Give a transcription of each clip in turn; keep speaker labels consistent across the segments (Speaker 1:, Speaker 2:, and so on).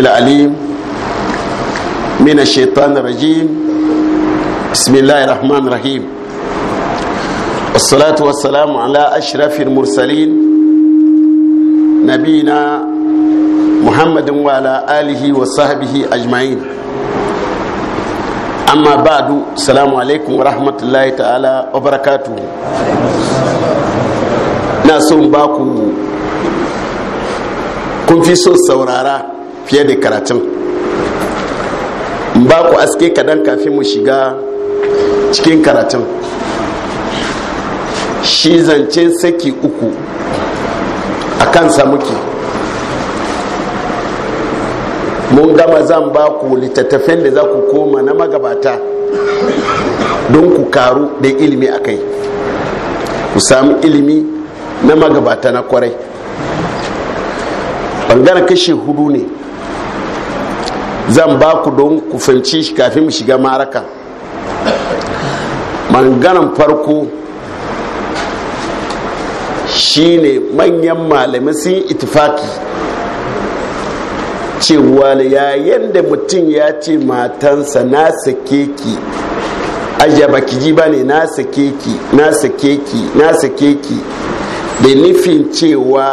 Speaker 1: العليم من الشيطان الرجيم بسم الله الرحمن الرحيم والصلاة والسلام على أشرف المرسلين نبينا محمد وعلى آله وصحبه أجمعين أما بعد السلام عليكم ورحمة الله تعالى وبركاته ناسون باكو kun fi so saurara fiye da karatun ba ku aske kadan kafin mu shiga cikin karatun shi zancen saki uku a kansa muke mun gama zan ba ku littattafan da za ku koma na magabata don ku karu da ilimi a kai ku sami ilimi na magabata na kwarai bangaren kashe hudu ne zan ba ku don ku fahimci shi kafin mu shiga maraka manganan farko shine manyan malamai sun itifaki cewa yayin da mutum ya ce matansa na sake ki ajaba baki ji bane na sake ki na sake ki na sake ki da nufin cewa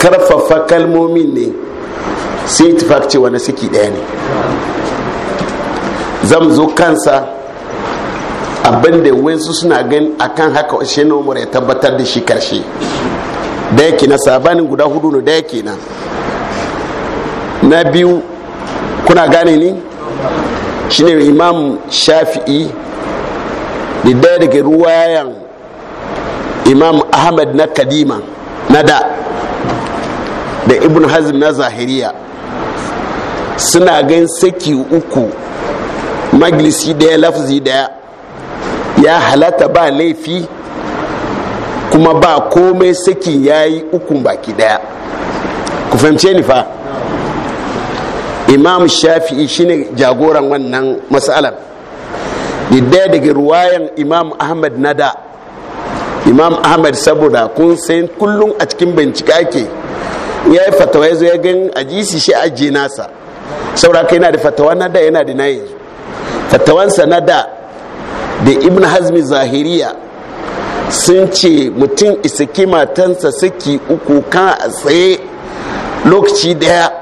Speaker 1: karfafa kalmomin ne sai itifak ce wani siki daya ne zan zo kansa abinda wasu suna gan kan haka shi na ya tabbatar da shi karshe daya na sabanin guda hudu ne daya ke na na biyu kuna gane ni shine imam shafi'i da daya daga ruwayan imam ahmad na kadima na da da ibn hazm na zahiriya suna gan saki uku maglisi daya lafzi daya ya halata ba laifi kuma ba komai saki ya yi ukun baki daya ku fahimce ni fa imam shafi'i shine jagoran wannan matsalar daya daga ruwayan imam ahmad nada imam ahmad saboda kun sayin kullum a cikin bincike ake ya yi fatawa ya zo ya gan ajisi shi ajiye nasa sauraka yana da fatawa na da yana da na yanzu fatawansa na da da ibn hazmi zahiriya sun ce mutum isaki matansa saki uku kan a tsaye lokaci daya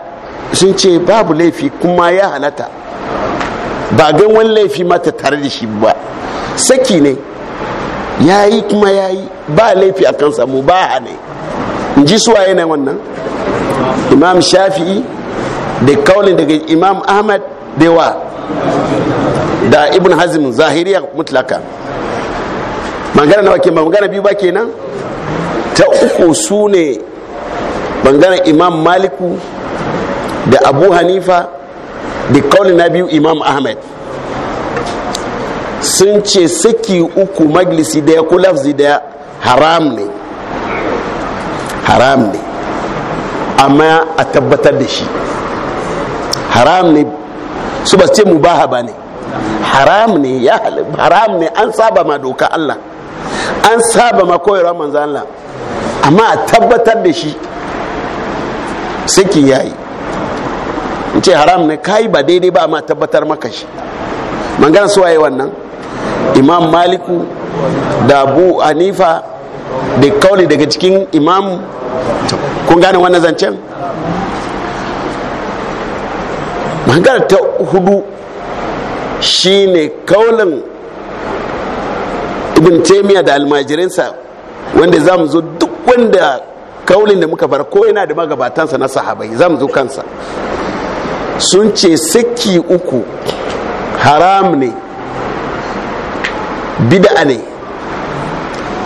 Speaker 1: sun ce babu laifi kuma ya halata ba gan wani laifi mata tare da shi ba saki ne ya yi kuma ya yi ba laifi a kansa mu ba ne in ji suwaye ne wannan imam shafi'i da kaulin daga imam ahmad dewa da ibn hazm zahiriya mutlaka magana nawa ke magana biyu ba kenan ta uku su ne bangaren imam maliku da abu hanifa da kauli na biyu imam ahmed sun ce saki uku maglisi daya ko lafzi daya haram ne haram ne amma a tabbatar da shi haram ne su ba ce mubaha ba ne haram ne ya haram ne an saba ma doka Allah an saba ma koyarwa manzo Allah amma a tabbatar da shi saki yayi ce haram ne kai ba daidai ba amma tabbatar maka shi magana su waye wannan imam maliku da abu anifa da kauli daga cikin imam kun gane wannan zancen magana ta hudu shine kaulin ibn taimiyya da almajirinsa wanda za mu zo duk wanda kaulin da muka bar ko yana da magabatansa na sahabai za mu zo kansa sun ce saki uku haram ne bid'a ne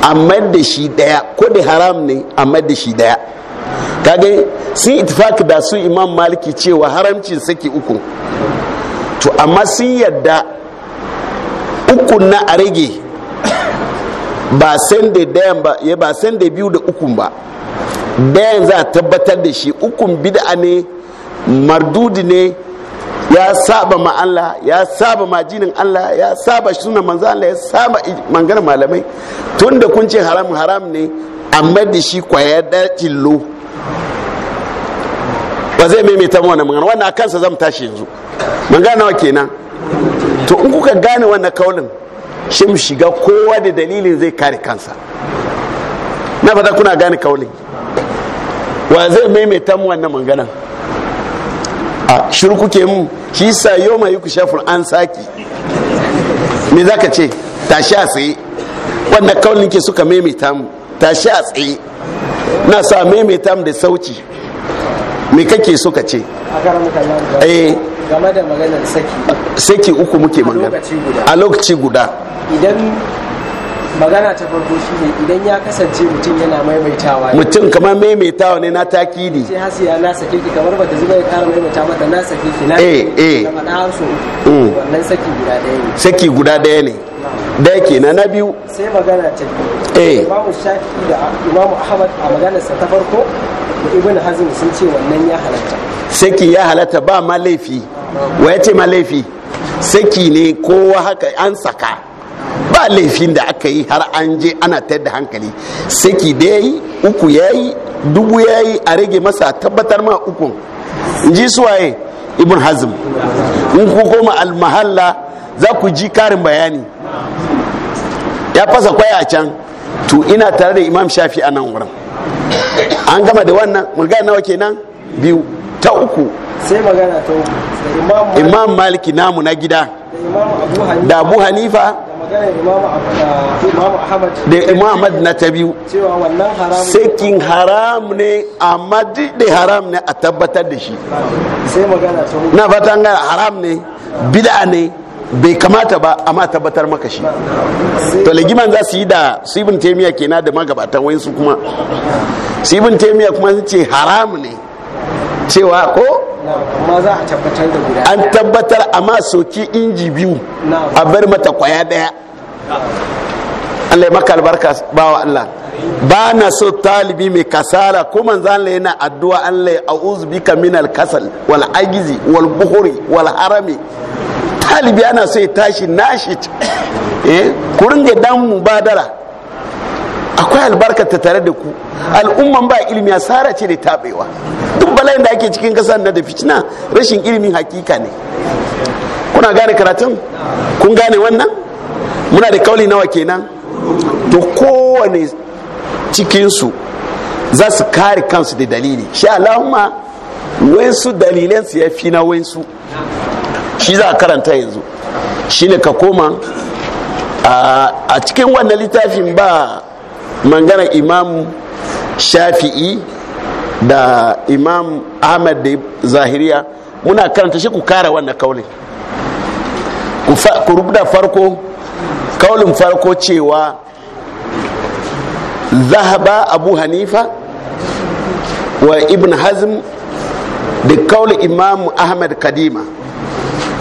Speaker 1: amma da shi daya ko da haram ne amma da shi daya kage sun itifaki da su imam maliki cewa haramcin saki uku to amma sun yadda uku na a rage ba san da dayan ba ya ba san da biyu da ukun ba dayan za a tabbatar da shi ukun bid'a ne mardudi ne ya saba ma Allah ya saba ma jinin Allah ya saba sunan manzo Allah ya saba mangar malamai tunda kun ce haram haram ne amma da shi kwaya da tillo ba zai maimaita wannan magana wannan a kansa zan tashi yanzu magana wa kenan to in kuka gane wannan kaulin shi mu shiga kowa da dalilin zai kare kansa na fata kuna gane kaulin wa zai maimaita mu wannan magana a shiru kuke mu shi sa yau mai ku shafin an saki me zaka ce tashi a tsaye wannan kaulin ke suka maimaita mu tashi a tsaye na sa maimaita mu da sauci me kake so ka ce game eh. da maganar saki saki uku muke magana a lokaci guda idan magana ta farko shi ne idan ya kasance mutum yana maimaitawa mutum kamar maimaitawa ne na takidi sai hasi ya na sake ki kamar bata zuba ya kara maimaita mata na sake ki na eh eh na faɗa har so mm. wannan saki guda ɗaya ne saki guda ɗaya ne da yake na na biyu sai magana ta biyu eh. imamu shafi da imamu ahmad a maganarsa ta farko da ibn hazm sun ce wannan ya halatta saki ya halatta ba ma laifi wa yace ma laifi saki ne kowa haka an saka ba laifin da aka yi har an je ana tayar da hankali saki da yayi uku yayi dubu yayi a rage masa tabbatar ma ukun ji suwaye ibn hazm in ku koma al-mahalla za ku ji karin bayani ya fasa kwaya a can to ina tare da imam shafi a nan wurin an gama da wannan mulga nawa kenan biyu ta uku sai magana ta uku imam maliki namu na gida da abu hanifa da imam ahmad na ta biyu sakin haram ne amma da haram ne a tabbatar da shi na fatan gana haram ne bid'a ne bai kamata ba amma tabbatar maka shi to legiman za su yi da sibin ke na da magabatan su kuma sibin taimiya kuma sun ce haram ne cewa ko an tabbatar amma soki inji biyu a bar mata kwaya daya allai maka albarka bawa Allah ba na so talibi mai kasala kuma zanle yana addu'a Allah a uzu bika minal kasal wal agizi wal buhuri wal harami talibi ana so ya tashi nashi eh ku ringa dan mubadara akwai albarka ta tare da ku al'umman ba ilimi asara ce da taɓewa duk balayin da ake cikin kasa na da fitina rashin ilimin hakika ne kuna gane karatun kun gane wannan muna da kauli nawa kenan to kowane cikinsu za su kare kansu da dalili sha Allahumma wensu dalilansu ya fi na wensu shi za a karanta yanzu shine ka koma a cikin wannan littafin ba mangana imam shafi'i da imam ahmad da zahiriya muna karanta shi ku kara wannan kaunin. ku rubuta farko kaulin farko cewa zahaba abu hanifa wa ibn hazm da kaunin imam ahmad kadima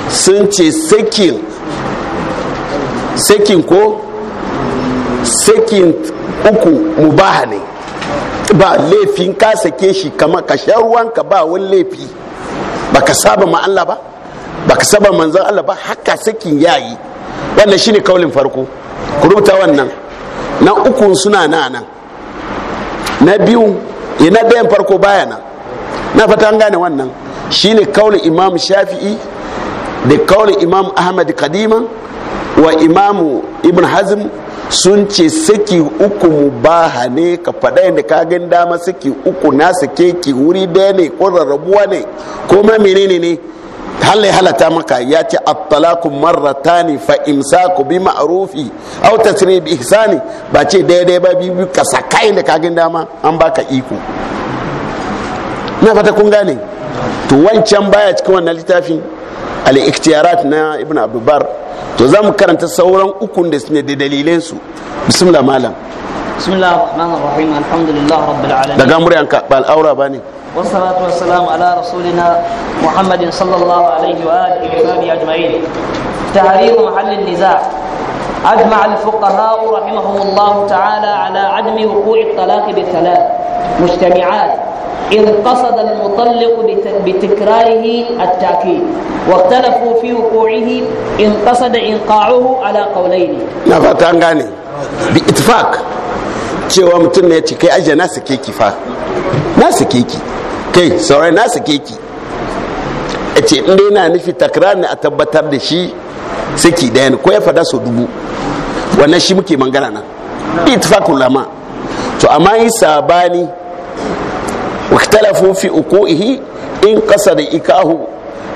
Speaker 1: sun ce sakin sakin ko sakin uku mubaha ne ba laifin ka sake shi kama ka sha ruwanka ba wani laifi ba ka saba ma Allah ba ba ka saba manzan Allah ba haka sakin yi. wannan shine kaulin farko ku rubuta wannan na uku suna na nan na biyu eh, na dayan farko baya nan na fata an gane wannan Shi ne kaulin imam shafi'i da kawai imam ahmad kadima wa imamu ibn hazm sun ce saki uku mubaha ne ka faɗa yadda ka gan dama saki uku na sake ki wuri daya ne ko rarrabuwa ne ko ma menene ne halai halata maka ya ce at-talaqu marratani fa imsaku bi ma'rufi aw tasrih bi ihsani ba ce daidai ba bi ka sakai da kagin dama an baka iko na fata kun gane to wancan baya cikin wannan littafin al-ikhtiyarat na ibn abdubar to za mu karanta sauran ukun da su ne da dalilan su bismillah malam
Speaker 2: bismillah rahman rahim alhamdulillah
Speaker 1: rabbil alamin daga muryan ka bal aura bane
Speaker 2: wassalatu wassalamu ala rasulina muhammadin sallallahu alaihi wa alihi wa sahbihi ajma'in tahrir mahall an-niza' أجمع الفقهاء ta'ala ala تعالى على عدم وقوع الطلاق بالثلاث مجتمعات إذ قصد المطلق بتكراره التأكيد واختلفوا في وقوعه إن قصد إنقاعه على قولين
Speaker 1: نفتان غاني بإتفاق cewa mutum ne ce kai ajiye na sake ki fa na sake ki kai saurai na sake ki ce inda yana nufi takrar ne a tabbatar da shi saki daya ne ko ya fada so dubu wannan shi muke mangana nan ittifaqul lama to amma yi sabani waktalafu fi ukuhi in kasa da ikahu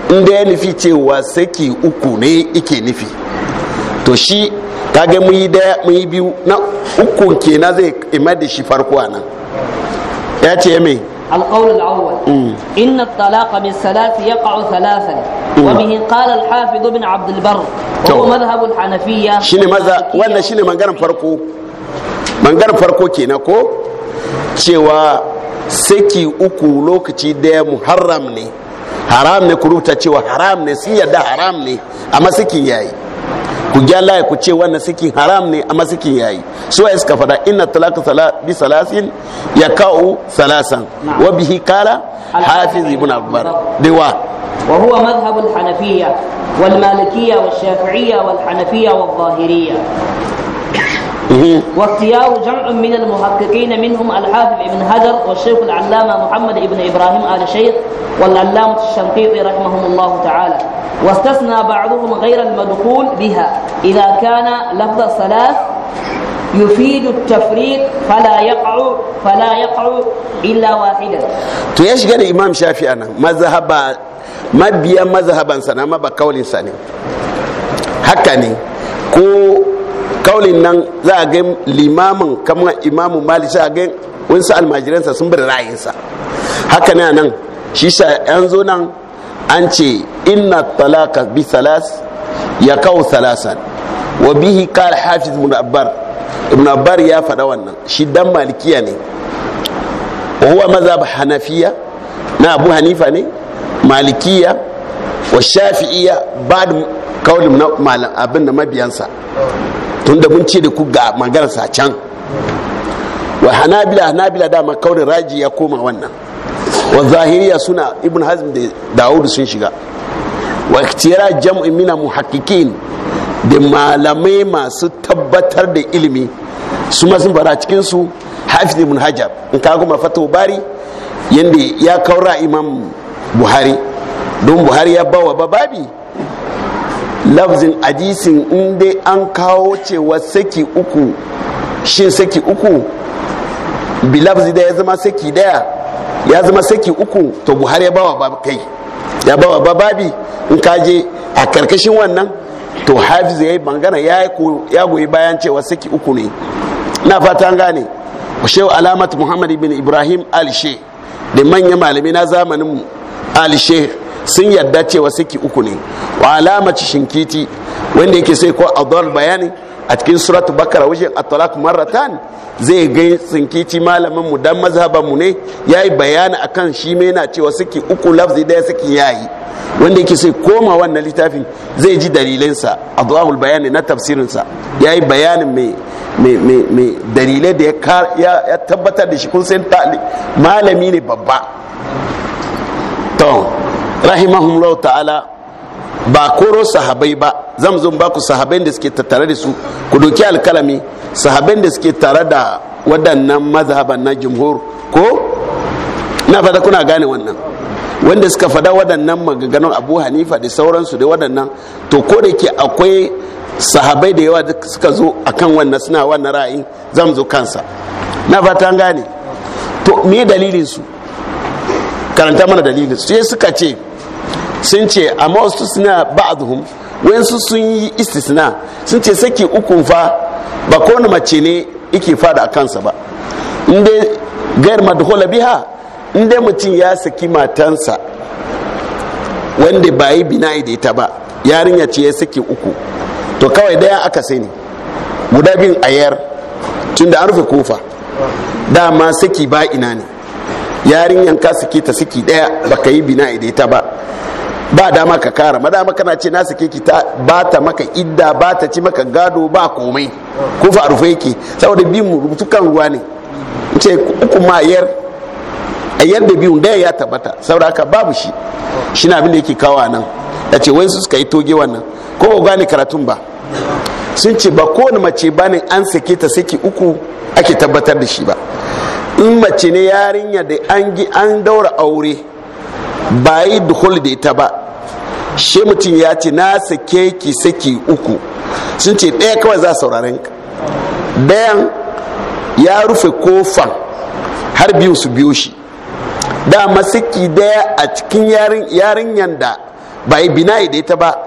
Speaker 1: inda ya nufi cewa saki uku ne ike nufi to shi kage mun yi daya yi biyu na ukun kenan zai ima shi farko nan ya ce mai
Speaker 2: القول الأول مم. إن الطلاق بالثلاث يقع ثلاثا مم. وبه قال الحافظ بن عبد البر وهو مذهب الحنفية شنو ماذا
Speaker 1: ولا شنو من قرن فرقو من قرن فرقو كينا كو cewa saki uku lokaci daya muharram ne haram ne ku rubuta cewa haram ne sun yadda haram ne amma sakin yayi ku gyala ku ce wannan sakin haram ne amma sakin yayi so ya iska fada inna talaka bi salasin ya ka'u salasan wa bihi kala hafiz ibn akbar dewa
Speaker 2: wa huwa madhhab al-hanafiyya wal malikiyya wal shafi'iyya wal hanafiyya wal zahiriyya واختيار جمع من المحققين منهم الحافظ ابن حجر والشيخ العلامة محمد ابن إبراهيم آل شيخ والعلامة الشنقيطي رحمهم الله تعالى واستثنى بعضهم غير المدخول بها إذا كان لفظ الثلاث يفيد التفريق فلا يقع فلا يقع إلا واحدا
Speaker 1: to ya shiga da imam shafi ana mazhaba mabiya mazhaban sana ma ba kaulin sa ne haka ne ko kaulin nan za a ga limamin kamar imamu malik za a ga wasu almajiransa sun bar rayinsa haka ne nan shi sa yan zo nan an ce inna talaka bi salas ya kawo salasan wa bihi kala hafiz ibn abbar ibn abbar ya faɗa wannan shi dan malikiya ne huwa mazhab hanafiya na abu hanifa ne malikiya wa shafi'iya ba da kawalin abin da mabiyansa tun da mun ce da ku ga magana sa can wa hanabila hanabila da makaurin raji ya koma wannan wa zahiriya suna ibn hazm da dawud sun shiga wa ikhtiyara jam'i mina muhaqqiqin da malamai masu tabbatar da ilimi su ma sun fara cikin su hafiz ibn hajar in ka goma fatawa bari yanda ya kaura imam buhari don buhari ya bawa bababi lafzin hadisin in dai an kawo cewa saki uku shin saki uku bi lafzi da ya zama saki daya ya zama saki uku to buhari ya bawa ba kai ya bawa ba babi? in je? a karkashin wannan to hafiz ya yi bangana ya goyi bayan cewa saki uku ne na fata gane shehu alamat muhammad bin ibrahim al da manyan malami na zamanin al sun yadda cewa saki uku ne wa alamaci shinkiti wanda yake sai ko adon bayani a cikin suratu bakara wajen atalak maratan zai ga sinkici malamin mu dan mazhaban mu ne yayi bayani akan shi mai na cewa saki uku lafzi daya saki yayi wanda yake sai koma wannan littafin zai ji dalilinsa sa adwahul bayani na tafsirinsa. sa yayi bayanin mai mai dalilai da ya tabbatar da shi kun san malami ne babba to rahimahumullahu ta'ala ba koro sahabai ba zan zo ba ku sahabai da suke tattare da su ku doki alkalami sahabai da suke tare da waɗannan mazhaban na jumhur ko na fata kuna gane wannan wanda suka fada waɗannan maganganun abu hanifa da sauransu da waɗannan to ko da ke akwai sahabai da yawa da suka zo akan wannan suna wannan ra'ayi zan zo kansa na fata gane to me dalilin su karanta mana dalilin su sai suka ce sun ce amma wasu suna ba'dhum wayansu sun yi istisna sun ce saki ukun fa ba kowane mace ne yake fada a kansa ba inda gayar madhula biha inda mutum ya saki matansa wanda ba yi bina'i da ita ba yarinya ce ya saki uku to kawai daya aka sani guda bin ayar tun da an rufe kofa dama saki ba ina ne yarinyan ka saki ta saki daya baka yi bina'i da ita ba ba dama ka kara ma dama kana ce na sake ki ta ba ta maka idda ba ta ci maka gado ba komai ko fa rufe yake saboda biyun mu rubutu kan ruwa ne ce ma yar a da biyun ya tabbata saboda haka babu shi shi na abinda yake kawo nan ya ce wai su suka yi toge wannan ko ba gane karatun ba sun ce ba kowane mace ba ne an sake ta saki uku ake tabbatar da shi ba in mace ne yarinya da an daura aure ba yi duhul da ita ba shi mutum ya ce na sake ki saki uku sun ce ɗaya kawai za sauraren ka ɗayan ya rufe kofan har biyu su biyo shi dama saki ɗaya a cikin yarin da ba yi bina da ita ba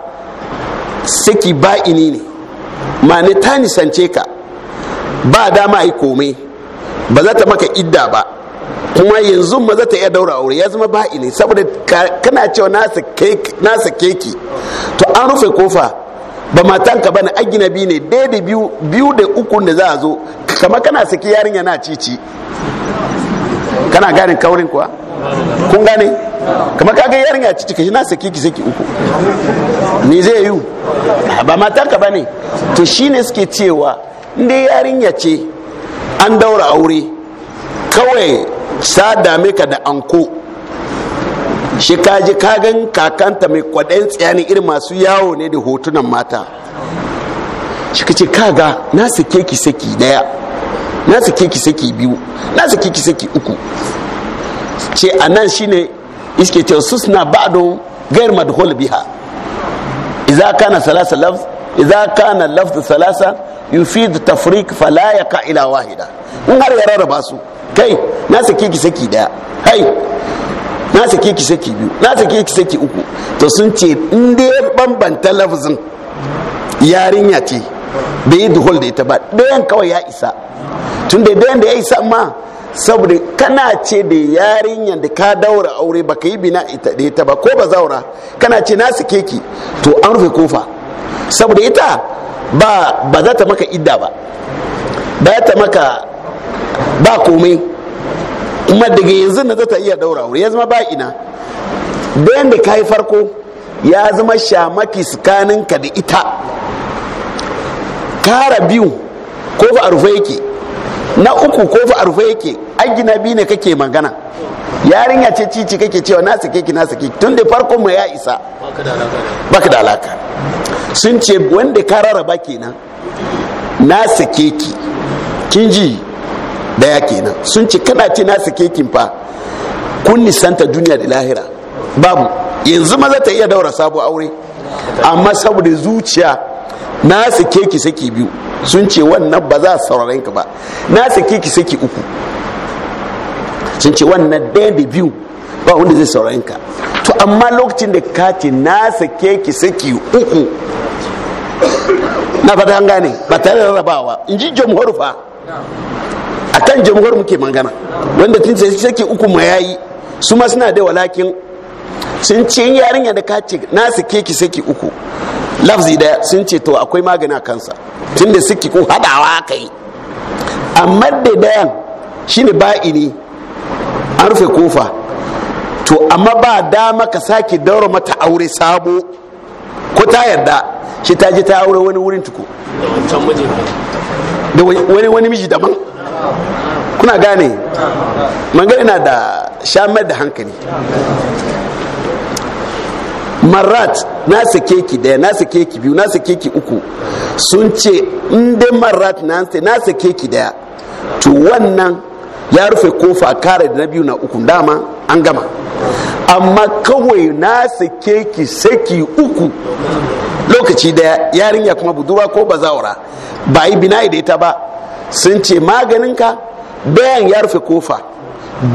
Speaker 1: saki ba ini ne ma ne ta nisance ka ba dama yi komai ba za ta maka idda ba kuma yanzu maza ta iya daura aure ya zama ne saboda kana cewa na sake ki to an rufe kofa ba ka bane biyu ne ɗaya da biyu biyu da uku da za a zo kama kana saki yarinya na cici kana gane kaurin kuwa kun gane kama kaga yarinya cici kashi na saki ki saki uku ni zai yi ba ka bane to shine suke cewa inda yarinya ce an daura aure kawai sa dame ka da anko shi kaji kagan kakanta mai kwaɗayin tsayani irin masu yawo ne da hotunan mata shi ka ce kaga na sake ki saki daya na sake ki saki biyu na sake ki saki uku ce a nan shi ne iske ce su suna ba'adun gayar madhul biha idza kana salasa lafz idza kana lafz salasa yufid tafriq fala yaqa ila wahida in har ya rarraba su kai na sake ki saki daya hai na sake ki saki biyu na sake ki saki uku to sun ce in dai bambanta lafazin yarinya ce bai yi duhul da ita ba dayan kawai ya isa tun da dayan da ya isa ma saboda kana ce da yarinya da ka daura aure ba ka yi bina ita da ita ba ko ba zaura kana ce na sake ki to an rufe kofa saboda ita ba ba za ta maka idda ba ba ta maka ba komai kuma daga yanzu na zata iya daura aure ya zama ba ina bayan da yi farko ya zama shamaki ka da ita kara biyu ko fa rufe yake na uku ko fa rufe yake agina biyu ne kake magana yarinya ce cici kake cewa na sake ki na sake ki tun da farko mu ya isa baka da alaka sun ce wanda ka rarraba kenan na sake ki kin ji daya kenan sun ce kana ce na sake kin fa kun nisanta duniya da lahira babu yanzu maza ta iya daura sabo aure amma saboda zuciya na sake ki saki biyu sun ce wannan ba za a sauraren ka ba na sake ki saki uku sun ce wannan ɗaya da biyu ba wanda zai sauraren ka to amma lokacin da ka ce na sake ki saki uku na fata an gane ba tare da rabawa in ji jamhur fa a akan jamhur muke magana wanda tun sai sake uku ma yayi su ma suna da walakin sun ce yarinya da ka ce na sake ki saki uku lafzi da sun ce to akwai magani kansa tun da saki ko hadawa aka amma da dayan shine ba'ini an rufe kofa to amma ba dama ka sake daura mata aure sabo ko ta yarda shi ta je ta aure wani wurin tuku da wani miji daban kuna gane magana na da shamar da hankali marat na sake ki daya na sake ki biyu na sake ki uku sun ce in marat na na sake ki daya to wannan ya rufe kofa kare da na biyu na uku dama an gama amma kawai na sake ki saki uku lokaci daya yarinya kuma buduwa ko bazawara ba yi bina da ita ba sun ce maganinka bayan ya rufe kofa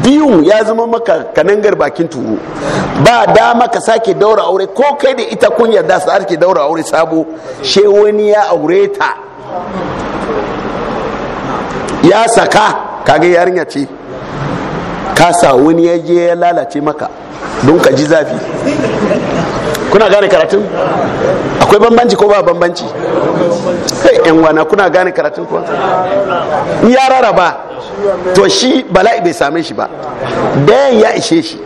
Speaker 1: biyun ya zama maka kanangar bakin tuwo ba dama ka sake daura aure ko kai da ita kun yarda su ake daura aure sabo she wani ya aure ta ya saka kage yarinya ce kasa wani ya je ya lalace maka don ka ji zafi kuna gane karatun akwai bambanci ko ba bambanci sai yan wana kuna gane karatun kuwa ya raraba to shi bala'i bai same shi ba dayan ya ishe shi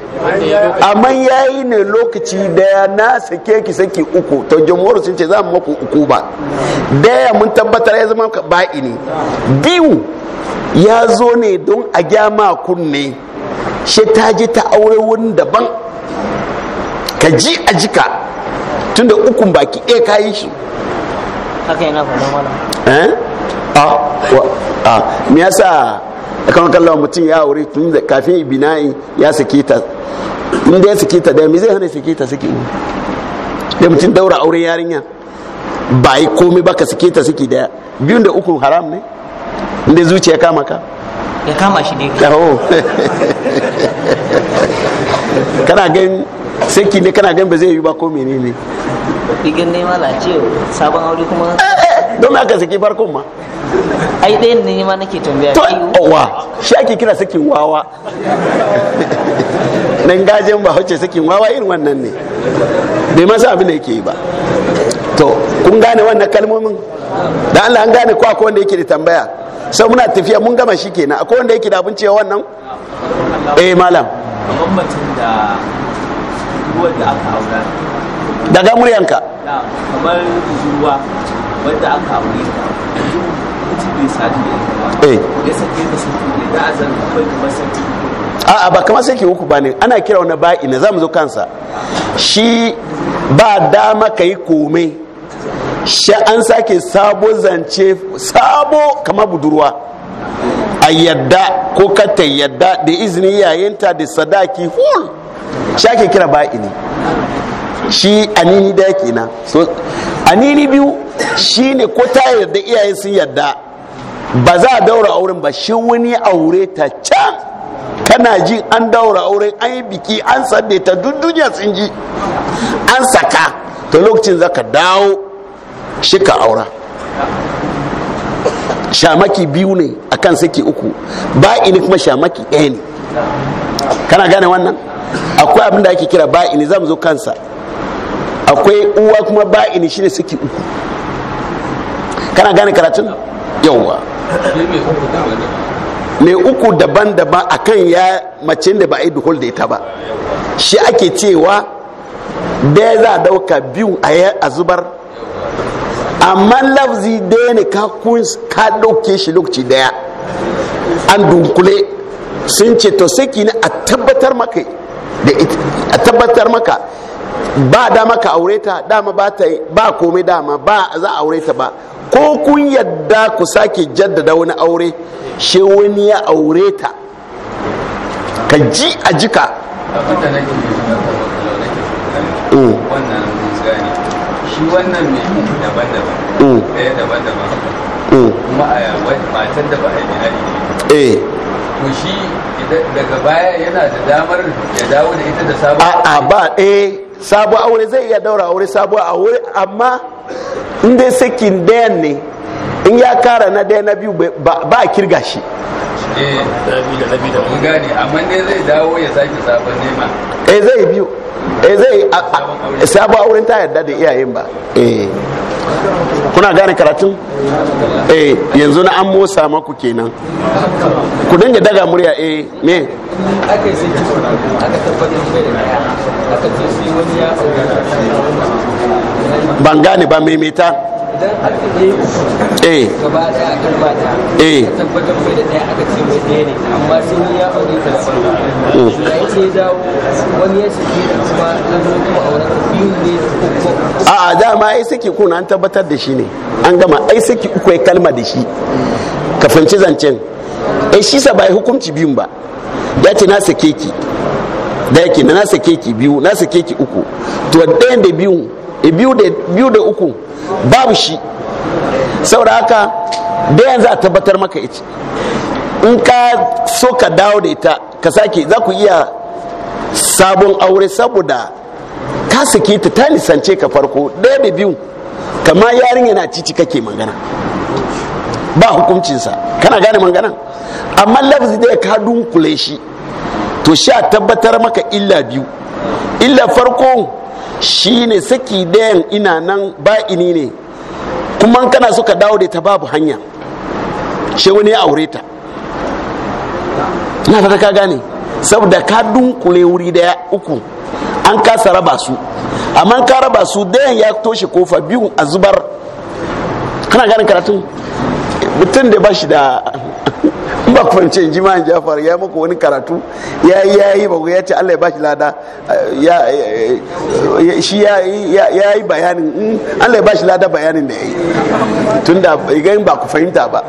Speaker 1: amma ya yi ne lokaci daya na sake ki saki uku to jamhuri sun ce za mu maku uku ba daya mun tabbatar ya zama ba'i ne biyu ya zo ne don a gyama kunne shi ta ji ta aure wurin daban ka ji a jika tunda ukun baki ɗaya ka yi shi
Speaker 2: haka yana faɗin wala
Speaker 1: eh a me yasa kan kallon mutum ya aure tun da kafin ibina'i ya sake ta in da ya sake ta da me zai hana sake ta sake da mutum daura aure yarinya ba yi komai ba ka sake ta sake daya biyun da uku haram ne inda zuciya kama ka ya kama shi ne kana gani. saki ne kana gan ba zai yi ba ko menene igin ne mala ce sabon aure kuma eh, eh, don na ka saki farkon ma ai ɗayan ne ma nake tambaya to wa shi ake kira sakin wawa nan gajen ba hauce sakin wawa irin wannan ne bai masa abin da yake yi ba to kun gane wannan kalmomin da Allah an gane ko akwai wanda yake da tambaya sai muna tafiya mun gama shi kenan akwai wanda yake da abin cewa wannan eh malam kamar da budurwar da aka aura daga muryanka kamar budurwa wanda aka aure ta bai sadu da ita eh ya sake ta sake ne da azan akwai kamar sake a'a ba kamar sake uku ba ne ana kira wani ba'i na zamu zo kansa shi ba dama ka yi komai shi an sake sabo zance sabo kamar budurwa a yadda ko ka ta yadda da izini yayinta da sadaki hul hmm. shi ake kira ba'ini shi anini daya kenan so anini biyu shine ko ta yarda iyaye sun yarda ba za a daura auren ba shi wani aure ta can kana ji an daura auren an yi biki an sadde ta duk duniya sun ji an saka ta lokacin zaka dawo shi ka aura shamaki biyu ne akan saki uku ba ini kuma shamaki ɗaya ne kana gane wannan akwai abin da ake kira ba'ini zam zo kansa akwai uwa kuma ba'ini shine suke uku kana gane karatun yawwa me uku daban-daban akan ya mace da ba a yi duhul da ita ba shi ake cewa daya za a dauka biyu a a zubar amma lafzi daya ne ka dauke shi lokaci daya an dunkule sun ce to saki ne a tabbatar maka da a tabbatar maka ba dama ka aure ta dama ba ta ba komai dama ba za a aure ta ba ko kun yadda ku sake jaddada wani aure shi wani ya aure ta ka ji a jika mm. shi wannan mai daban-daban mm. ɗaya daban-daban mm. kuma a matan da ba a yi ne to shi daga baya yana da damar ya dawo da ita da sabon a'a ba eh sabon aure zai iya daura aure sabon aure amma in dai sakin dayan ne in ya kara na daya na biyu ba a kirga shi eh gane amma ne zai dawo ya sake sabon nema eh zai biyu eh zai sabon auren ta yarda da iyayen ba eh kuna gane karatun eh yanzu na an motsa maku kenan ku dinga daga murya eh me ban gane ba maimaita idan aka yi eh gaba daya akan mata eh tabbatar mai da daya aka ce mai daya ne amma sun yi ya aure ta sai hmm. ya
Speaker 2: ce dawo wani ya shige da kuma na zo kuma auren ta
Speaker 1: biyu ne a a dama ai saki ko an tabbatar da shi ne an gama ai saki uku ya kalma da shi ka fahimci zancen ai eh, shi sa bai hukunci biyun ba ya ce na sake ki da yake na sake ki biyu na sake ki uku to ɗayan da biyun Eh, biyu da uku babu shi saboda haka da yanzu a tabbatar maka ita in ka so ka dawo da ita ka sake za ku iya sabon aure saboda ka sake ta ta nisance ka farko daya da biyu kama yarin yana cici kake magana ba hukuncinsa kana gane magana amma lafzi da ya ka dunkule shi to sha tabbatar maka illa biyu illa farko shi ne saki dayan ina nan ini ne kuma kana so dawo da ta babu hanya shi wani ya aure ta na fata ka gane saboda ka dunkule wuri daya uku an kasa raba su amma ka raba su dayan ya toshe kofa biyu a zubar kana gane karatun mutum da ba shi da ba ku fahimci ji ma jafar ya muku wani karatu ya yi ya yi ya ce Allah ya bashi lada ya shi ya yi bayanin Allah ya bashi lada bayanin da ya yi tunda idan ba ku fahimta ba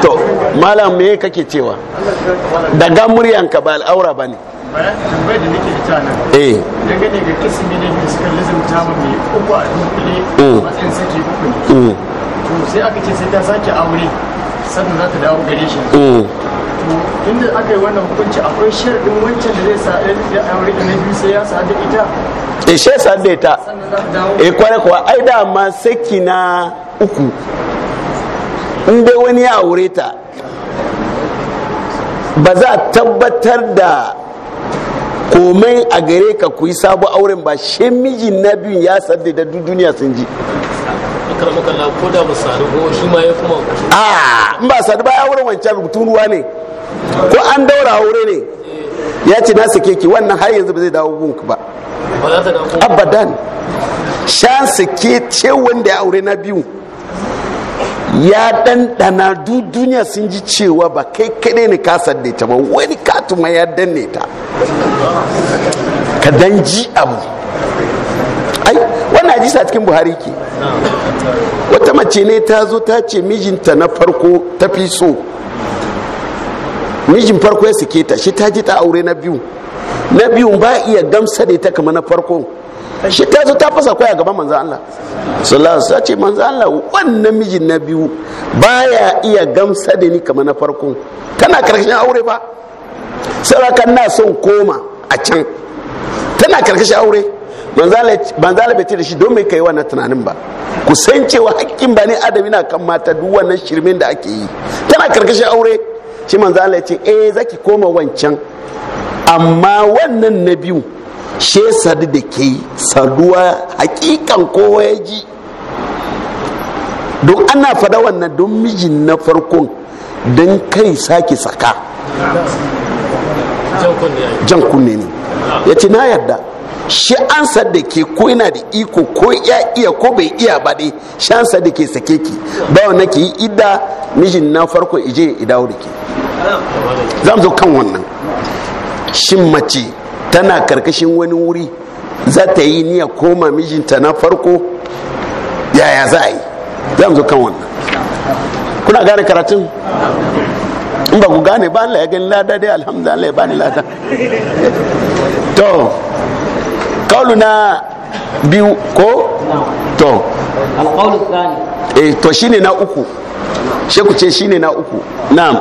Speaker 1: to malam me kake cewa daga muryan muryanka ba al'aura ba ne bai da nake ita nan eh dangane ga kismi ne suka lizimta mai uku a dunkule matsayin mm. sake uku ne mm. to sai aka ce sai ta sake aure sannan za ta dawo gare shi mm. to inda aka yi wannan hukunci akwai sharadin wancan da zai sa eh, ya aure da na biyu sai ya sadu ita e eh, she sadu ita e kwarai kuwa ai da ma saki na uku in dai wani ya aure ta ba za a tabbatar da komai a gare ka kuyi yi auren ba she mijin na biyu ya sadda da duniya sun ji ba sadu wancan rubutun ruwa ne ko an daura aure ne ya ce na sake ki wannan har yanzu ba zai dawo gunku ba abadan shan sake ce da ya aure na biyu ya ɗanɗana du duniya sun ji cewa ba kai kaɗai ne ka sadde ta ba wani katuma ya danne ta ka dan ji abu ai wannan hadisi a cikin buhari ke wata mace ne ta zo ta ce mijinta na farko ta fi so mijin farko ya suke ta shi ta ji ta aure na biyu na biyu ba iya gamsa da ta kama na farko shi ta zo ta fasa kwaya gaban manzo Allah sallallahu alaihi ce manzo Allah wannan mijin na biyu baya iya gamsa da ni kama na farko tana karkashin aure ba sarakan na son koma a can tana karkashin aure manzala bai ce da shi don mai kai wannan tunanin ba ku san cewa hakkin ba ne adami na kan mata duk wannan shirmin da ake yi tana karkashin aure shi manzala ya ce eh zaki koma wancan amma wannan na biyu she sadu da ke saduwa hakikan kowa ya ji don ana fada wannan don mijin na farkon don kai sake saka jan kunne ne ya ce na yarda shi ansa da ke ko yana da iko ko ya iya ko bai iya ba dai shi ansa da ke sake ki ba wa nake yi idda mijin na farko ije ya idawo da ke za mu zo kan wannan shin mace tana karkashin wani wuri za ta yi niyya koma mijinta na farko yaya za a yi za mu zo kan wannan kuna gane karatun in ba ku gane ba Allah ya gani lada dai alhamdulillah ya bani lada to kaulu na biyu ko to alqaulu eh, to shine na uku Sheku ce shine na uku na'am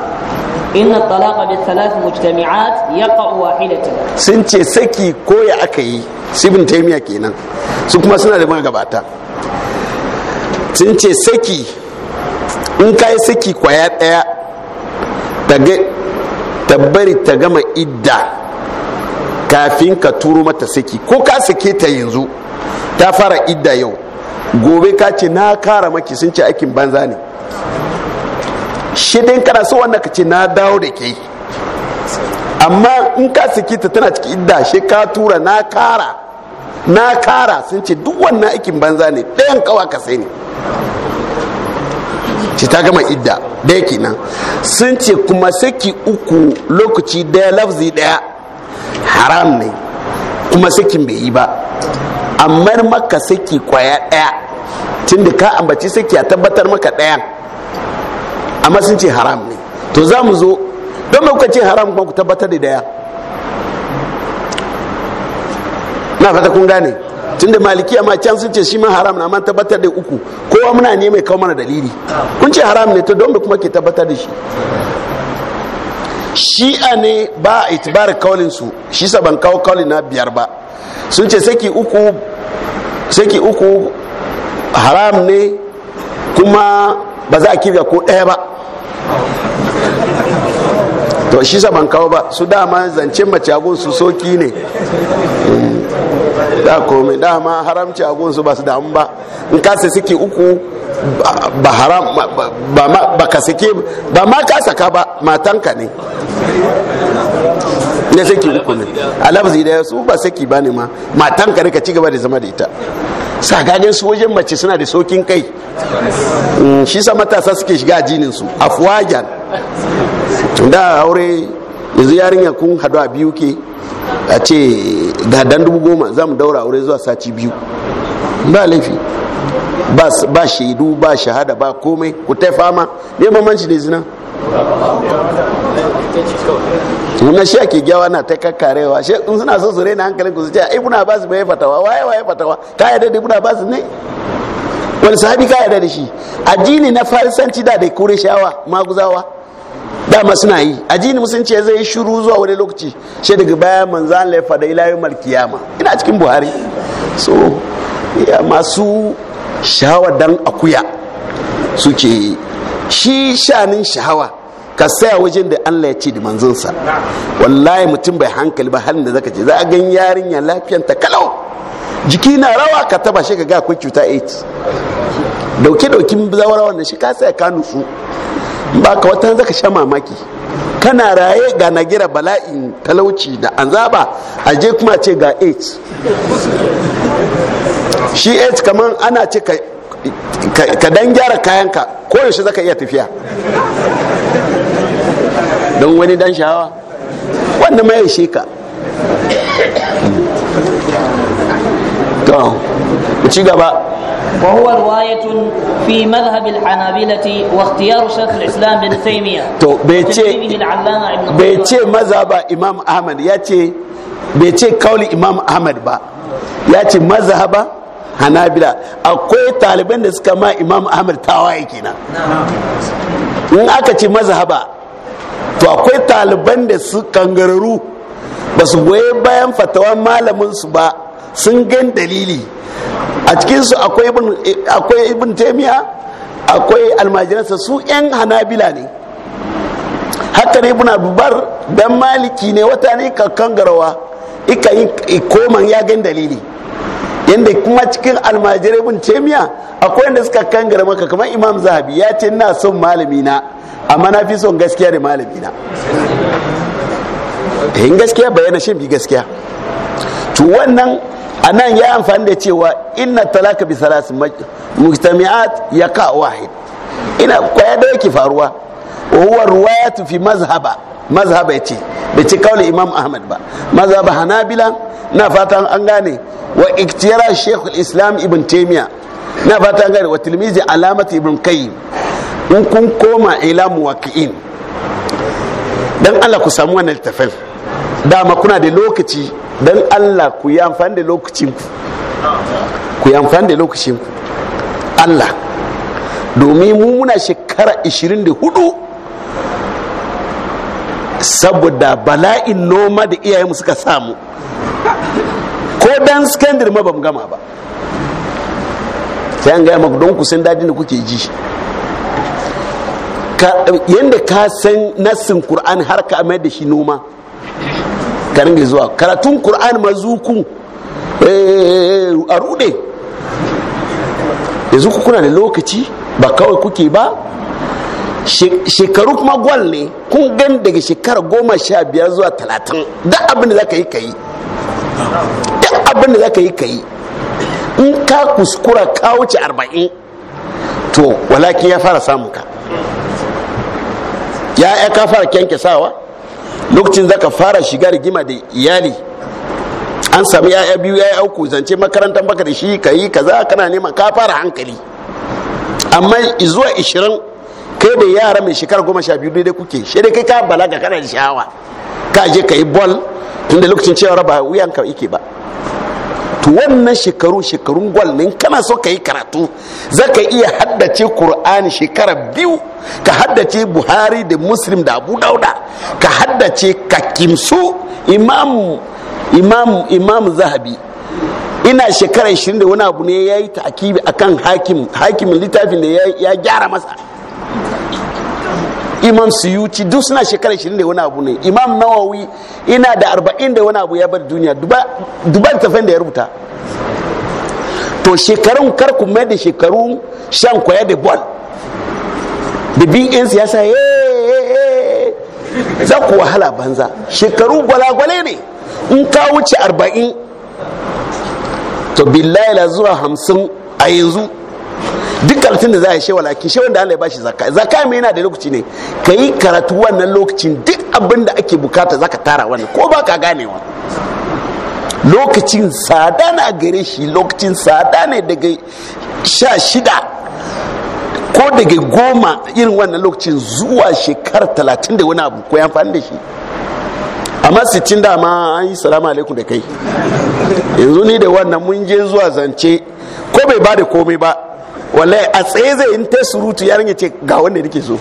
Speaker 2: inna talaqa bi thalath mujtami'at yaqa wahidatan
Speaker 1: sun ce saki ko ya aka yi sibin taymiya kenan su kuma suna da gabata sun ce saki in ka yi saki kwaya daya ta bari ta gama idda kafin ka turo mata saki ko ka sake ta yanzu ta fara idda yau gobe ka ce na kara maki sun ce aikin banza ne shidin kana so wannan ka ce na dawo da ke amma in ka sake ta tana ciki idda shi ka tura na kara na kara sun ce duk wannan aikin banza ne ɗayan kawa ka sai ne ce ta gama idda ɗaya kenan sun ce kuma saki uku lokaci ɗaya lafzi ɗaya haram ne kuma sakin bai yi ba amma maka saki kwaya daya tunda ka ambaci saki a tabbatar maka daya amma sun ce haram ne to za mu zo don me kuka ce haram kuma ku tabbatar da daya na fata kun gane tunda maliki amma can sun ce shi ma haram na amma tabbatar da uku kowa muna ne mai kawo mana dalili kun ce haram ne to don me kuma ke tabbatar da shi shi'a ne ba a itibar kaulinsu shi ban kawo kaulin na biyar ba sun ce saki uku saki uku haram ne kuma ba za a kirga ko ɗaya ba to shi kawo ba su dama zance mace agun su soki ne da komai dama haramci a gunsu ba su damu ba in ka saki uku ba haram ba ka saki ba ma ka saka ba matanka ne ne saki uku ne alafzi da su ba saki ba ne ma matanka ne ka ci gaba da zama da ita saganin su wajen mace suna da sokin kai mm, shi sa matasa suke shiga jinin su afwajan da aure yanzu yarinya kun hadu a biyu ke a ce ga dan dubu goma za mu daura aure zuwa sati biyu ba laifi ba shaidu ba shahada ba komai ku ta fama ne mamanci da zina na shi ake gyawa na ta kakarewa shi in suna so su raina hankalin ku su ce ai buna basu bai fatawa waye waye fatawa ka yarda da buna basu ne wani sahabi ka yarda da shi addini na farisanci da da kure shawa maguzawa dama suna yi a jini musulunci ce zai shiru zuwa wani lokaci shi daga baya manzan laifa da ilayen malkiyama ina cikin buhari so ya masu shahawa dan akuya suke shi shanin shahawa ka saya wajen da Allah ya ce da manzansa wallahi mutum bai hankali ba halin da zaka ce za a gan yarinya ta kalau jiki na rawa ka taba shi ka ga akwai cuta 8 dauke daukin zawarawan da shi ka saya ka nutsu ba ka watan zaka sha mamaki kana raye ga nagira bala'in talauci da anzaba a je kuma ce ga 8 shi 8 kamar ana ce ka dan gyara kayanka ko yaushe zaka iya tafiya don wani dan shawa wanda mai yashe ka ci gaba وهو
Speaker 2: رواية في مذهب الحنابلة واختيار شيخ الإسلام بن تيمية تو بيتي
Speaker 1: بيتي مذهب إمام أحمد ياتي بيتي قول إمام أحمد با ياتي مذهب حنابلة akwai طالبين da suka ma imam ahmad tawaye kenan in aka ci to akwai taliban da su kangararu ba su goye bayan fatawan malamin su ba sun gan dalili a cikinsu akwai ibn taimiya akwai almajiransa su 'yan hanabila ne haka ne ibn abubar dan maliki ne wata ne kakan garawa ika yi koman ya gan dalili yadda kuma cikin almajirai bin taimiya akwai wanda suka kangara maka kamar imam zahabi ya ce na son malami na amma na fi son gaskiya da malami na eh, in gaskiya bayana shi bi gaskiya to wannan a nan ya amfani da cewa inna talaka bi salasi mujtami'at ya ka wahid ina kwaya da yake faruwa wa ruwa ya tufi mazhaba mazhaba yace bai ci kauli imam ahmad ba mazhaba hanabila na fatan an gane wa iktiyara shekul islam ibn taimiya na fatan an gane wa tilmizi alamatu ibn kayyim in kun koma ila dan allah ku samu wannan littafin dama kuna da lokaci don allah ku yi amfani da lokacinku ku yi amfani da lokacinku allah domin mu muna shekara 24 saboda bala'in noma da iyayenmu suka samu ko dan skandir ma bam gama ba sai an gaya maku don ku san dadin da kuke ji yadda ka san nassin kur'an har ka mai da shi noma ka zuwa karatun Kur'an mazuku eh, eh, eh, a rude yanzu ku kuna da lokaci ba kawai kuke ba shekaru kuma gwal ne kun gan daga shekara goma sha biyar zuwa talatin da abin da za ka yi ka yi abin da za ka yi ka in ka kuskura ka wuce arba'in to walakin ya fara samun ka ya ka fara kyanke sawa lokacin zaka fara shiga gima da iyali an sami yaya biyu yaya uku zance makarantar baka da shi ka kayi kaza kana neman ka fara hankali amma zuwa ishirin kai da yara mai shekara goma sha biyu da kuke shi dai kai ka balaga kana da sha'awa ka je ka yi bol tunda lokacin cewa ba wuyan ka yake ba to wannan shekaru shekarun gwal ne kana so ka yi karatu za ka iya haddace kur'ani shekara biyu ka haddace buhari da muslim da abu dauda ka haddace ka kimsu imam zahabi ina shekara 20 da wani abu ne ya yi ta akan hakim hakimin littafin da ya gyara masa imam suyuci duk suna shekara 20 da wani abu ne imam nawawi ina da 40 da wani abu ya bar duniya duba tafin da ya rubuta to shekarun kar ku mai da shekaru shan kwaya da bol da bin yan siyasa za ku wahala banza shekaru gwalagwale ne in ka wuce 40 to billahi la zuwa 50 a yanzu duk karatun da za a yi shewa laki shewa da Allah ya bashi zakka zakka mai yana da lokaci ne ka yi karatu wannan lokacin duk abin da ake bukata za ka tara wannan ko ba ka ganewa lokacin tsada na gare shi lokacin tsada ne daga sha shida ko daga goma irin wannan lokacin zuwa shekara talatin da wani abu ko ya da shi amma sittin da ma an yi salamu alaikum da kai yanzu ni da wannan mun je zuwa zance ko bai ba da komai ba wallahi a tsaye zai in ta surutu yarin ya ce ga wanda nake so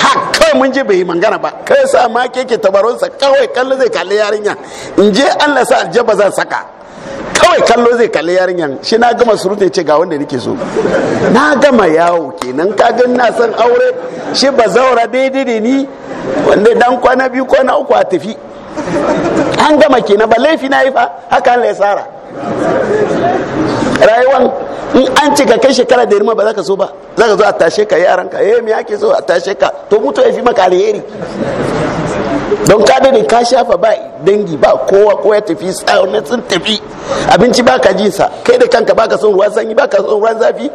Speaker 1: ha kawai mun je bai mangana ba kai sa ma keke tabaronsa kawai kallo zai kalli yarinya in je Allah sa aljaba zan saka kawai kallo zai kalli yarinyar shi na gama surutu ya ce ga wanda nake so na gama yawo kenan ka gan na san aure shi ba zaura daidai da ni wanda dan kwana biyu kwana uku a tafi an gama kenan ba laifi na yi fa haka Allah ya sara. rayuwan in an ce ka kai shekara da irma ba za ka so ba za ka zo a tashe ka yaran ka eh me yake so a tashe ka to mutu ya fi maka alheri don ka da ka shafa ba dangi ba kowa ko ya tafi na sun tafi abinci ba ka jinsa kai da kanka ba ka son ruwan sanyi ba ka son ruwan zafi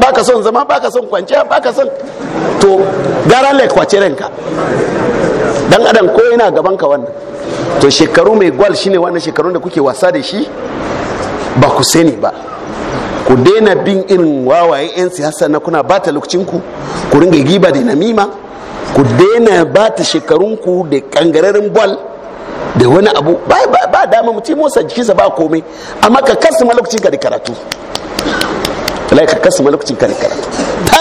Speaker 1: ba ka son zama ba ka son kwanciya ba ka son to gara lai kwace ranka dan adam ko yana gaban ka wannan to shekaru mai gwal shine wannan shekaru da kuke wasa da shi ba ku sani ba ku daina bin irin wawaye 'yan siyasa na kuna bata lokacinku ku ringa giba da namima ku daina bata shekarunku da kangararin gwal da wani abu ba ba ba dama mutum motsa jikinsa ba komai amma ka kasu lokacin ka da karatu lai ka kasu lokacin ka da karatu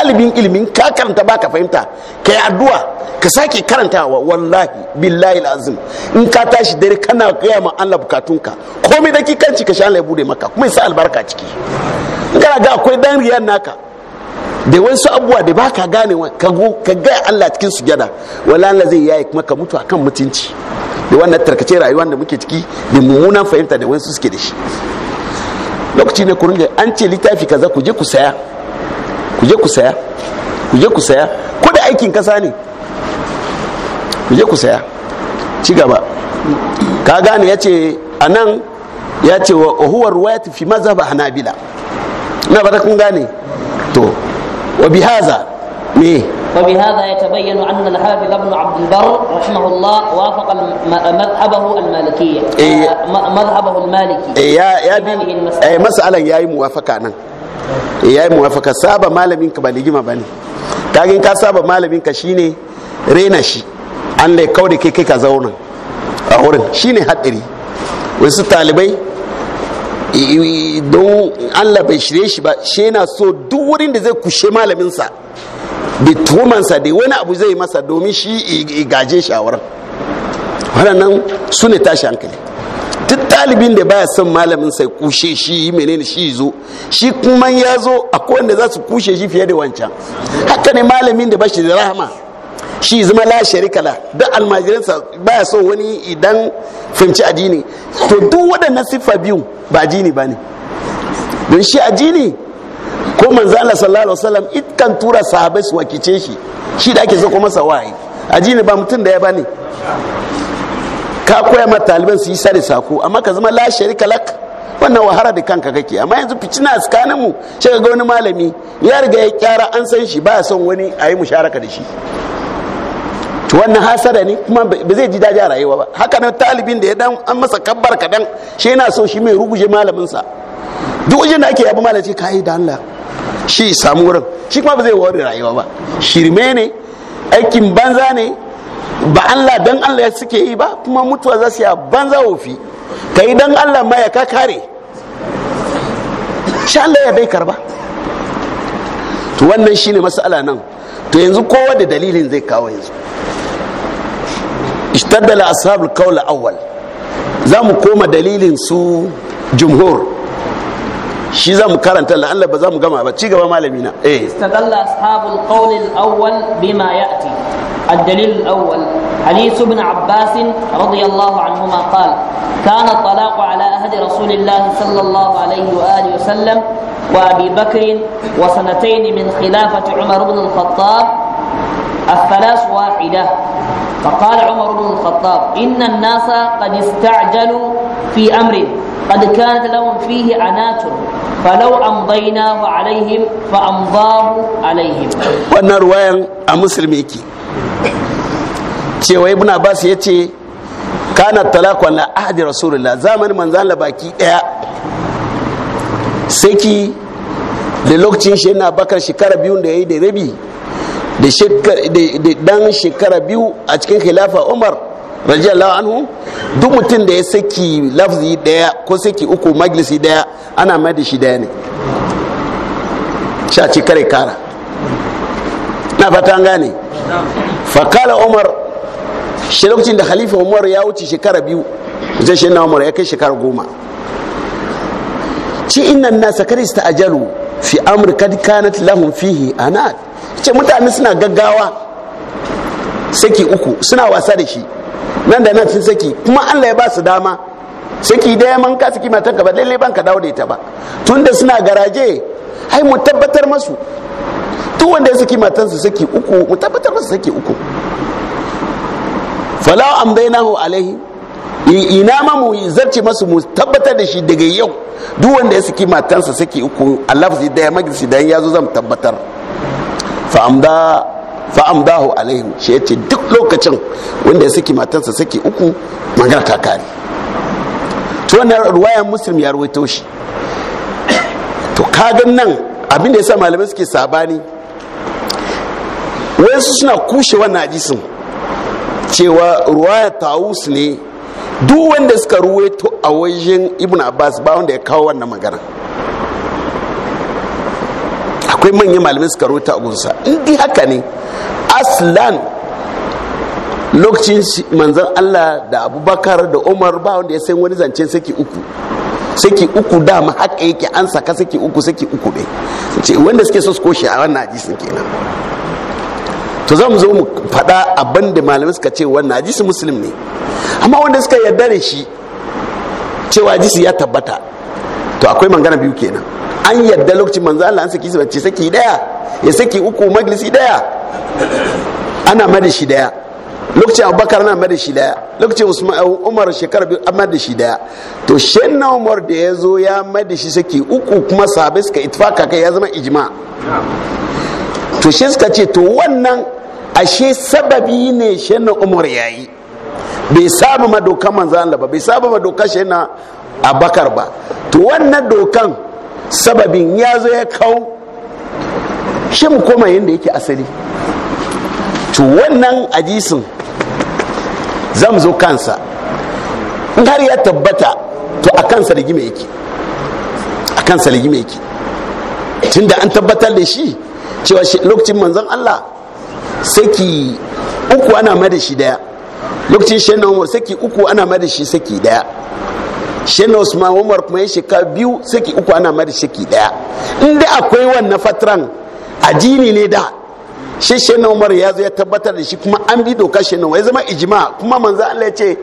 Speaker 1: ɗalibin ilimin ka karanta ba ka fahimta ka yi addu'a ka sake wa wallahi billahi lazim in ka tashi dare kana gaya ma Allah bukatunka komai da kikanci ka sha Allah ya bude maka kuma sa albarka ciki in kana ga akwai dan riyan naka da wasu abubuwa da ba ka gane ka gaya Allah cikin sujada wallahi Allah zai yayi kuma ka mutu akan mutunci da wannan tarkace rayuwar da muke ciki da mummunan fahimta da wasu suke da shi lokaci ne ku an ce littafi kaza ku je ku saya ku je ku saya ku je ku saya ko da aikin kasa ne ku je ku saya ci gaba ka gane ya ce a nan ya ce wa huwa ruwayat fi hana bila na ba ta kun gane to wa bi me
Speaker 2: وبهذا يتبين أن الحافظ ابن عبد البر رحمه الله وافق مذهبه المالكية إيه مذهبه المالكي إيه يا يا بي إيه
Speaker 1: مسألة يا موافقة أنا Eh, ya yi muwafaka saba malamin ka ba ligima ba ne kagin ka saba malamin ka shine rena shi an lai kawai kai kai ka zauna a wurin shine haɗari wasu talibai don allah bai shirye shi ba shi na so duk wurin da zai kushe malaminsa da tumansa da wani abu zai masa domin shi gaje shi a wurin waɗannan su ne tashi hankali duk talibin da baya son malamin sai kushe shi menene shi zo shi kuma ya zo a wanda za su kushe shi fiye da wancan haka ne malamin da bashi da rahama shi zama la sharika la duk almajiransa baya so wani idan fahimci addini to duk waɗannan siffa biyu ba addini ba ne don shi addini ko manzo Allah sallallahu alaihi wasallam kan tura sahabbai su wakice shi shi da ake so kuma sawai addini ba mutum da ya bane ka koya ma taliban su yi sare sako amma ka zama la sharika lak wannan wahara da kanka kake amma yanzu fitina a tsakanin mu sai ga wani malami ya riga ya kyara an san shi ba son wani a yi musharaka da shi to wannan hasara ne kuma ba zai ji daji a rayuwa ba haka nan talibin da ya dan an masa kabbar kadan shi yana so shi mai ruguje malamin sa duk wajen da ake yabo malam ce kai da Allah shi samu wurin shi kuma ba zai wari rayuwa ba shirme ne aikin banza ne ba Allah dan Allah suke yi ba kuma mutuwa za su yi banza wofi ka yi dan Allah ma ya ka kare sha Allah ya bai karba to wannan shine mas'ala nan to yanzu kowa da dalilin zai kawo yanzu istaddala ashabul qawl awwal za mu koma dalilin su jumhur shi za mu karanta la'alla ba za mu gama ba ci gaba malami na eh
Speaker 2: istadalla ashabul qawl awwal bima ya'ti الدليل الأول حديث ابن عباس رضي الله عنهما قال كان الطلاق على أهد رسول الله صلى الله عليه وآله وسلم وأبي بكر وسنتين من خلافة عمر بن الخطاب الثلاث واحدة فقال عمر بن الخطاب إن الناس قد استعجلوا في أمر قد كانت لهم فيه عنات فلو أمضيناه عليهم فأمضاه عليهم
Speaker 1: وأن رواية مسلم cewa ibn abbas ya ce kana talaku ala ahadi rasulullah zamanin manzan la baki daya saki da lokacin shi yana bakar shekara biyu da ya yi da rabi da dan shekara biyu a cikin khilafa umar radiyallahu anhu duk mutum da ya saki lafzi daya ko saki uku majalisi daya ana mai da shi daya ne sha ce kare kara na fata gane fakala umar shi lokacin da khalifa umar ya wuce shekara biyu zai shi umar ya kai shekara goma ci innan nasa kar ajalu fi amri kad kanat lahum fihi anat ce mutane suna gaggawa saki uku suna wasa da shi nan da nan sun saki kuma Allah ya ba su dama saki da ya manka saki matan ka ba lalle ban ka dawo da ita ba tunda suna garaje ai mu tabbatar masu duk wanda ya saki matansu saki uku mu tabbatar masa saki uku fala an nahu alaihi ina ma mu zarce masu mu tabbatar da shi daga yau duk wanda ya saki matansa saki uku alafzi daya magisi dayan ya zo zan tabbatar fa hu alaihi shi ya ce duk lokacin wanda ya saki matansa saki uku magana ta kare to wannan ruwayan muslim ya rawaito shi to kagan nan abin da sa malamai suke sabani wayansu suna kushe wannan hadisin cewa ruwaya ta'us ne duk wanda suka ruwaito a wajen ibn abbas ba wanda ya kawo wannan magana akwai manyan malamai suka ruwaita a gunsa in haka ne aslan lokacin manzan allah da abubakar da umar ba wanda ya san wani zance saki uku saki uku dama haka yake an saka saki uku saki uku ne wanda suke so su koshe a wannan hadisin kenan to za mu zo mu faɗa abin da malamai suka ce wannan hadisi muslim ne amma wanda suka yarda da shi cewa hadisi ya tabbata to akwai mangana biyu kenan an yarda lokacin manzo Allah an saki su bace saki daya ya saki uku majalisi daya ana mada shi daya lokacin abubakar na mada shi daya lokacin eh, umar shekara biyu an mada shi daya to shenna umar da ya zo ya mada shi saki uku kuma sahabai suka itfaka kai ya zama ijma to shi suka ce to wannan ashe sababi ne shi na umar yayi bai saba ma dokan manzo Allah ba bai saba ma dokan shi na abakar ba to wannan dokan sababin ya zo ya kawo shi mu koma yadda yake asali to wannan ajisin zan zo kansa in har ya tabbata to a kansa gime yake a kansa rigima yake da an tabbatar da shi cewa lokacin manzan Allah saki uku ana mada shi daya lokacin shanna umar saki uku ana mada shi saki daya shanna usman umar kuma ya shekara biyu saki uku ana mada shi daya inda akwai wannan fatran a jini ne da shi shanna umar ya zo ya tabbatar da shi kuma an bi doka Umar ya zama ijima kuma manzan Allah ya ce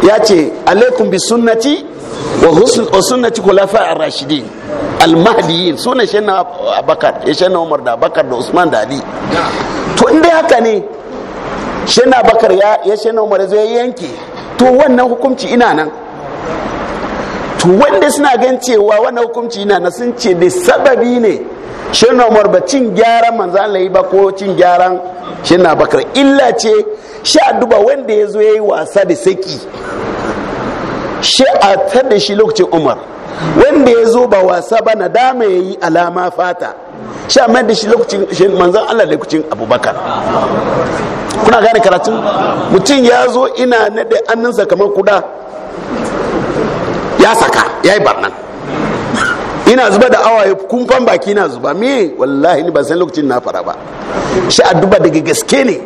Speaker 1: ya ce alaikum bi sunnati wa sunnati khulafa ar-rashidin al-mahdiyyin sunan shanna abakar ya eh, shanna umar da abakar da usman da ali to in dai haka ne shanna abakar ya shanna umar zai yanke to wannan hukunci ina nan to wanda suna gan cewa wannan hukunci na na sun ce da sababi ne shin Umar ba cin gyaran manzan layi ba ko cin gyaran na Bakar illa ce sha duba wanda ya zo ya yi wasa da saki shi a tada shi lokacin Umar wanda ya zo ba wasa ba na dama ya yi alama fata sha mai da shi lokacin manzan Allah da lokacin abubakar kuna gane karatun mutum ya zo ina na da annansa kamar kuda ya saka ya yi barnan ina zuba da awa ya kumfan baki na zuba me wallahi ni ban san lokacin na fara ba shi duba daga gaske ne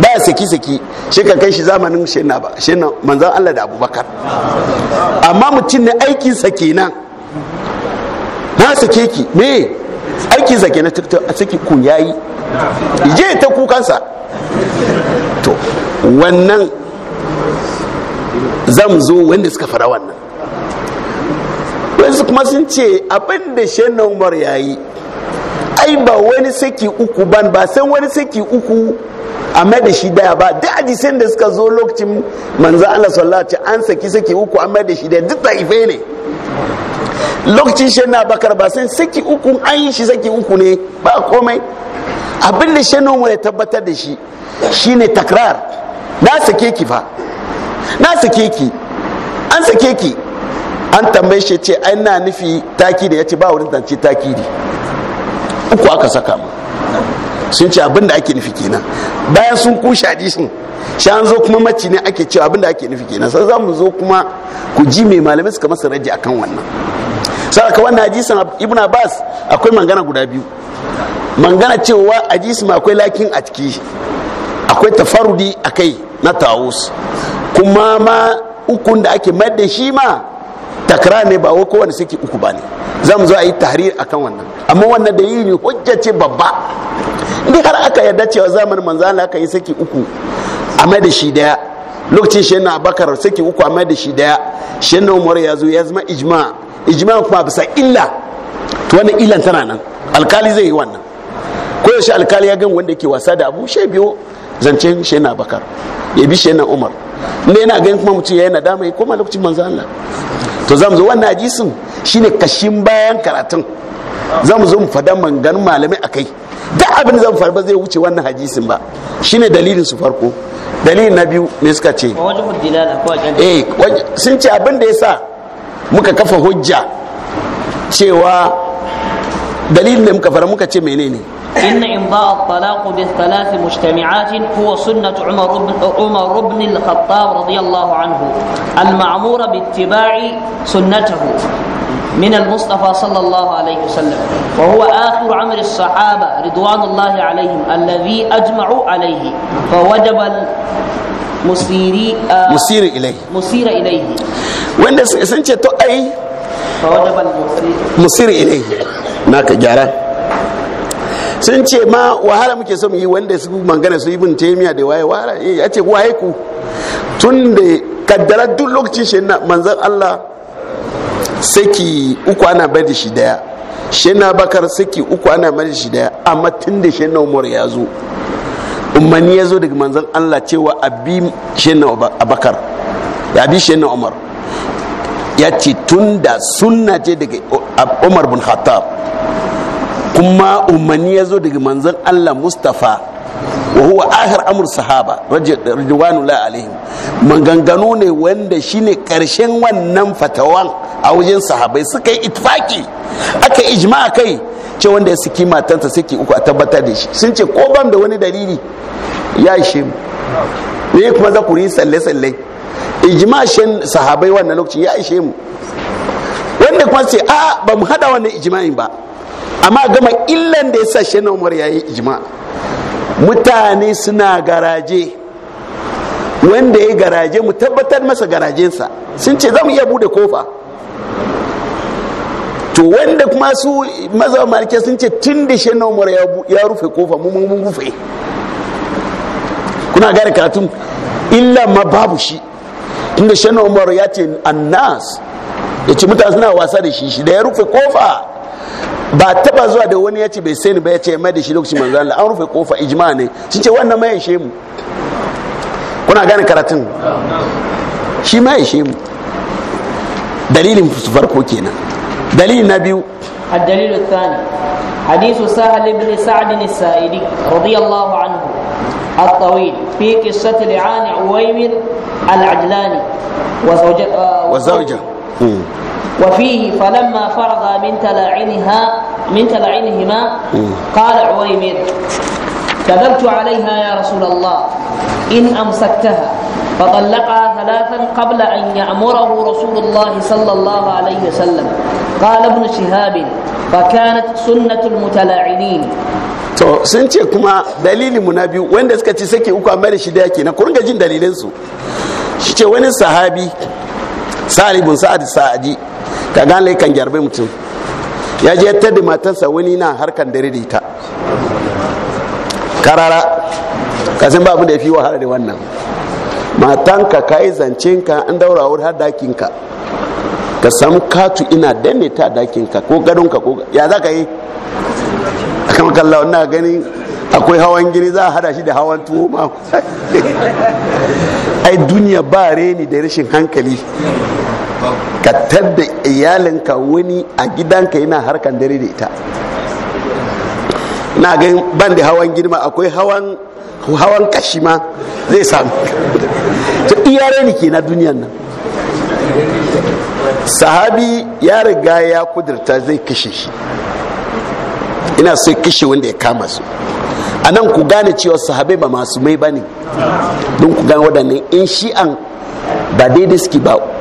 Speaker 1: ba ya saki saki shi ka kai shi zamanin na ba na manzan Allah da Abubakar amma mutum ne aikin sake na na sake ki me aikin sake na kenan a saki ku yayi je ta kukansa to wannan zam zo wanda suka fara wannan wasu kuma sun ce abin da shanna umar ya yi ai ba wani saki uku ban ba san wani saki uku a mai da shi daya ba duk hadisin da suka zo lokacin manzo Allah sallallahu an saki saki uku a mai da shi daya duk taife ne lokacin na bakar ba san saki uku an yi shi saki uku ne ba komai abin da shanna umar ya tabbatar da shi shine takrar na sake ki fa na sake ki an sake ki an tambaye shi ce ai na nufi takidi ya ce ba wurin zance takidi uku aka saka mu sun ce abinda ake nufi kenan bayan sun kushe hadisin shi an zo kuma maci ne ake cewa abinda ake nufi kenan sai za mu zo kuma ku ji mai malamai suka masa raji akan wannan aka wannan hadisin ibn abbas akwai mangana guda biyu mangana cewa hadisin akwai lakin a ciki akwai tafarudi a kai na tawus kuma ma ukun da ake mayar da shi ma takra ne ba wani saki uku ba ne za mu zo a yi tahrir kan wannan amma wannan da yi ne hujja ce babba in har aka yarda cewa zamanin manzana aka yi saki uku a da shi daya lokacin shi na bakar saki uku a da shi daya shi na umar ya zo ya zama ijma ijma kuma bisa illa to wannan illan tana nan alkali zai yi wannan ko alkali ya gan wanda ke wasa da abu shi biyo Zance shi na bakar ya bi shi na umar inda yana ganin kuma mutum ya yana dama ya koma lokacin manzo Allah to zamu zo wannan hadisin shine kashin bayan karatun zamu zo mu fada mangan malamai akai duk abin da zamu faɗa ba zai wuce wannan hadisin ba shine dalilin su farko dalilin na biyu me suka ce eh sun ce abin da yasa muka kafa hujja cewa dalilin da muka fara muka ce menene
Speaker 2: إن إمضاء الطلاق بالثلاث مجتمعات هو سنة عمر بن, عمر بن الخطاب رضي الله عنه المعمور باتباع سنته من المصطفى صلى الله عليه وسلم وهو آخر عمر الصحابة رضوان الله عليهم الذي أجمعوا عليه فوجب
Speaker 1: المسير آه مسير إليه مسير إليه وين سنتي تو أي فوجب المسير مسير إليه هناك جاران sun ce ma wahala muke son yi wanda su mangana su yi bin taymiya da waye wahala eh, ya ce waye ku tun da kaddara duk lokacin shi na manzan Allah saki uku ana bar da shi daya shi na bakar saki uku ana bar da shi daya amma tun da shi na umar ya zo umarni ya zo daga manzan Allah cewa abi shi na abakar da abi shi na umar ya ce tun da sunna ce daga umar bin khattab kuma umarni ya zo daga manzon Allah Mustafa wa huwa akhir amr sahaba radiyallahu alaihim maganganu ne wanda shine karshen wannan fatawan a wajen sahabai suka yi itfaki aka ijma kai ce wanda ya saki matansa sai uku a tabbatar da shi sun ce ko ban da wani dalili ya ishe mu me kuma za ku yi salle salle ijma shin sahabai wannan lokaci ya ishe mu wanda kuma ce a ba mu hada wannan ijma'in ba amma gama illan da ya sa shi na umar ya yi ijma mutane suna garaje wanda ya garaje mu tabbatar masa garajensa sun ce za mu iya bude kofa to wanda kuma su maza malike sun ce tun da shi na umar ya rufe kofa mu mun rufe kuna gari karatun illa ma babu shi da shi na umar ya ce annas ya ce mutane suna wasa da shi shi da ya rufe kofa ba taba zuwa da wani ya ce bai ni ba ya ce mai da shi lokacin manzo Allah an rufe kofa ijma ne sun ce wannan mai ishe mu kuna gane karatun shi mai ishe mu dalilin su farko kenan dalili na biyu
Speaker 2: الدليل الثاني حديث سهل بن سعد السائلي رضي الله عنه الطويل في قصة لعان عويمر العجلاني
Speaker 1: وزوجة وزوجة
Speaker 2: وفيه فلما فرغ من تلاعنها من تلاعنهما قال عويمر كذبت عليها يا رسول الله إن أمسكتها فطلقها ثلاثا قبل أن يأمره رسول الله صلى الله عليه وسلم قال ابن شهاب فكانت سنة المتلاعنين
Speaker 1: to sun ce kuma dalili mu na biyu wanda suka ci sake uku amma da shida da kenan ku jin dalilinsu shi ce wani sahabi sa'ad ibn sa'ad sa'adi ka gane kan gyarbe mutum ya je ta da matansa wani na harkan dare da ita karara kasan babu da ya fi wahala da wannan matanka ka yi zancen ka an daura wuri har dakinka ka samu katu ina danne ta dakinka ko gadonka ko ya za ka yi a kan kallawa na gani akwai hawan gini za a hada shi da hawan tuwo ma ai duniya ba reni da rashin hankali ka tadda iyalinka wani a gidanka yana harkan dare da ita na ga ban da hawan girma akwai hawan hawan kashi ma zai samu to iyare ne ke na duniyan nan sahabi ya riga ya kudurta zai kashe shi ina sai kashe wanda ya kama su a nan ku gane cewa sahabi ba masu mai ba ne don ku gane waɗannan in shi'an ba daidai suke ba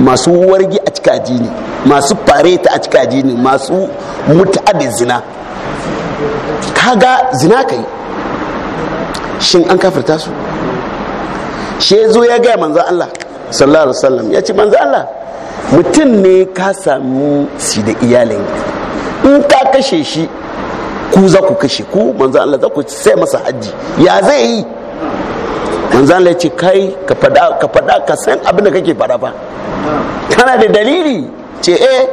Speaker 1: masu wargi a cika ne masu fareta a cika ne masu mutu'a da zina kaga zina kai shin an kafirta su she zo ya gaya manzo Allah sallallahu alaihi wasallam ya ce manzo Allah mutum ne ka samu si da iyalin in ka kashe shi ku za ku kashe ku manzo Allah za ku sai masa haji ya zai yi manzo Allah ya ce kai ka fada ka fada ka san abin da kake fada ba kana da dalili ce e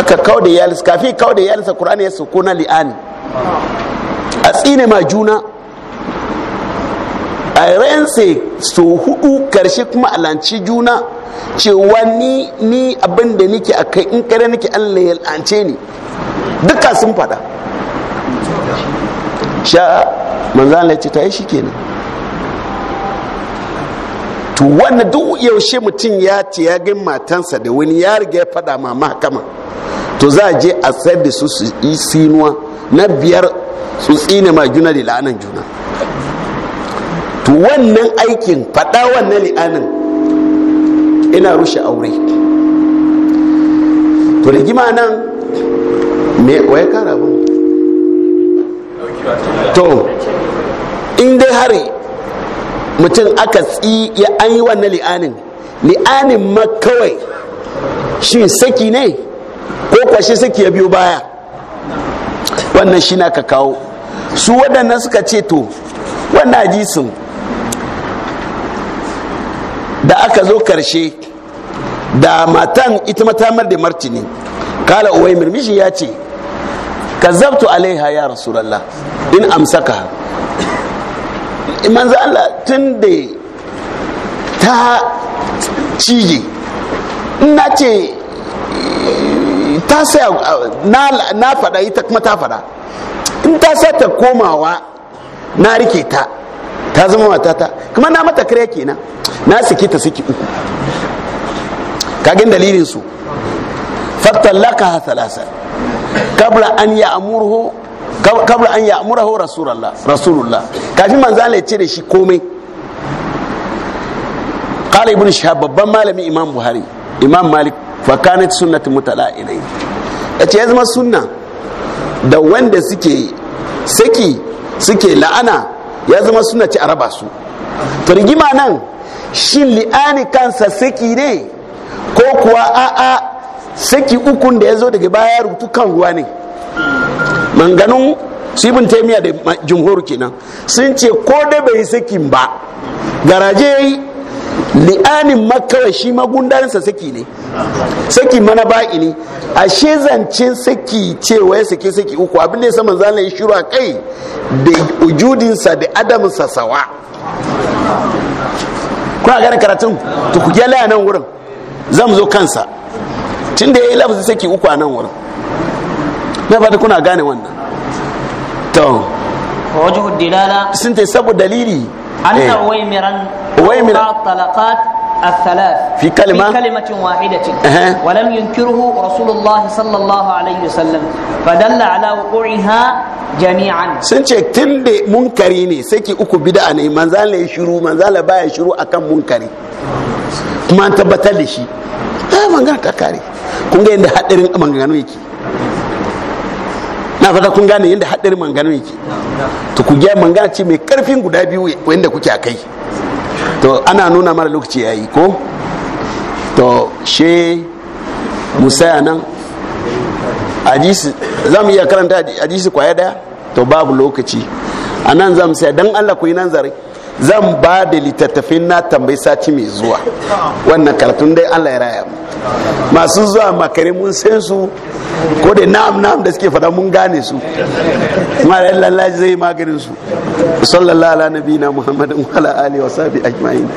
Speaker 1: aka kawo da iyalinsa kafin kawo da iyalinsa qur'ani ya na li'ani a tsine ma juna a rense so hudu karshe kuma alanci juna cewa ni ni abinda nike a kai in kare nike allah ya lance ni duka sun fada sha manzana ya ce ta yi shi kenan to wannan duk yaushe mutum ya ce ya gan matansa da wani ya riga ya fada ma mahakama to za a je a sayar da su su yi sinuwa na biyar su tsine ma juna da la'anan juna to wannan aikin fada wannan li'anan ina rushe aure to gima nan me waya kara to in dai hari mutum aka tsi ya an yi wannan li'anin li'anin ma kawai shi saki ne ko kwashe saki ya biyo baya wannan shi na ka kawo su waɗannan suka ce to wannan sun. da aka zo karshe da matan ita matamar da martini kala uwai mirmishi ya ce ka zabtu alaiha ya rasulallah in amsaka Eh, manzo Allah tun da ta cije ina ce eh, ta na fada ita kuma ta fada in ta sa ta komawa na rike ta ta zama matata kuma na mata kare kenan na siki ta siki uku kagin dalilin su ha thalasa kabla an ya amurhu kabla an ya'murahu rasulullah rasulullah kafin manzo Allah ya cire shi komai qala ibn shihab babban malami imam buhari imam malik fa kanat sunnatu mutala'inai yace ya zama sunna da wanda suke saki suke la'ana ya zama suna ci araba su su rigima nan shin li'ani kansa saki ne ko kuwa a'a saki ukun da ya zo daga baya rubutu kan ruwa ne manganun sibin taimiya da jumhur kenan sun ce ko da bai sakin ba garaje ya yi li'anin makawa shi magundarinsa saki ne saki mana ba'i ne ashe zancen saki cewa ya saki saki uku abin da ya saman zanen ya shiru a kai da ujudinsa da adamsa sawa kuna gane karatun to ku nan wurin zan zo kansa tun da ya yi lafi saki uku a nan wurin na fata kuna gane wannan to wajen dilala sun ta saboda dalili anna eh.
Speaker 2: waymiran waymiran talaqat الثلاث في fi في كلمة واحدة أه. ولم ينكره رسول الله صلى الله ba وسلم ala على ha jami'an
Speaker 1: sun ce tun da munkari ne sai ki uku bid'a ne manzala ya shiru manzala baya shiru akan munkari kuma an tabbatar da shi eh ah, mangana ta kare kun ga yadda hadarin maganganu yake na fata kun gane yadda haɗari mangana yake to ku gya mangana ce mai karfin guda biyu wanda kuke a kai to ana nuna mara lokaci yayi ko to she musa nan hadisi za mu iya karanta hadisi kwaya daya to babu lokaci a nan za mu saya don allah ku yi nan zare zan ba da littattafin na tambayi sati mai zuwa wannan karatun dai allah ya raya masu zuwa makare mun san su ko da na'am na'am da suke fada mun gane su mara da lallaji zai maganin su sallallahu ala na muhammadin wala ala alihi wa sahbihi ajma'in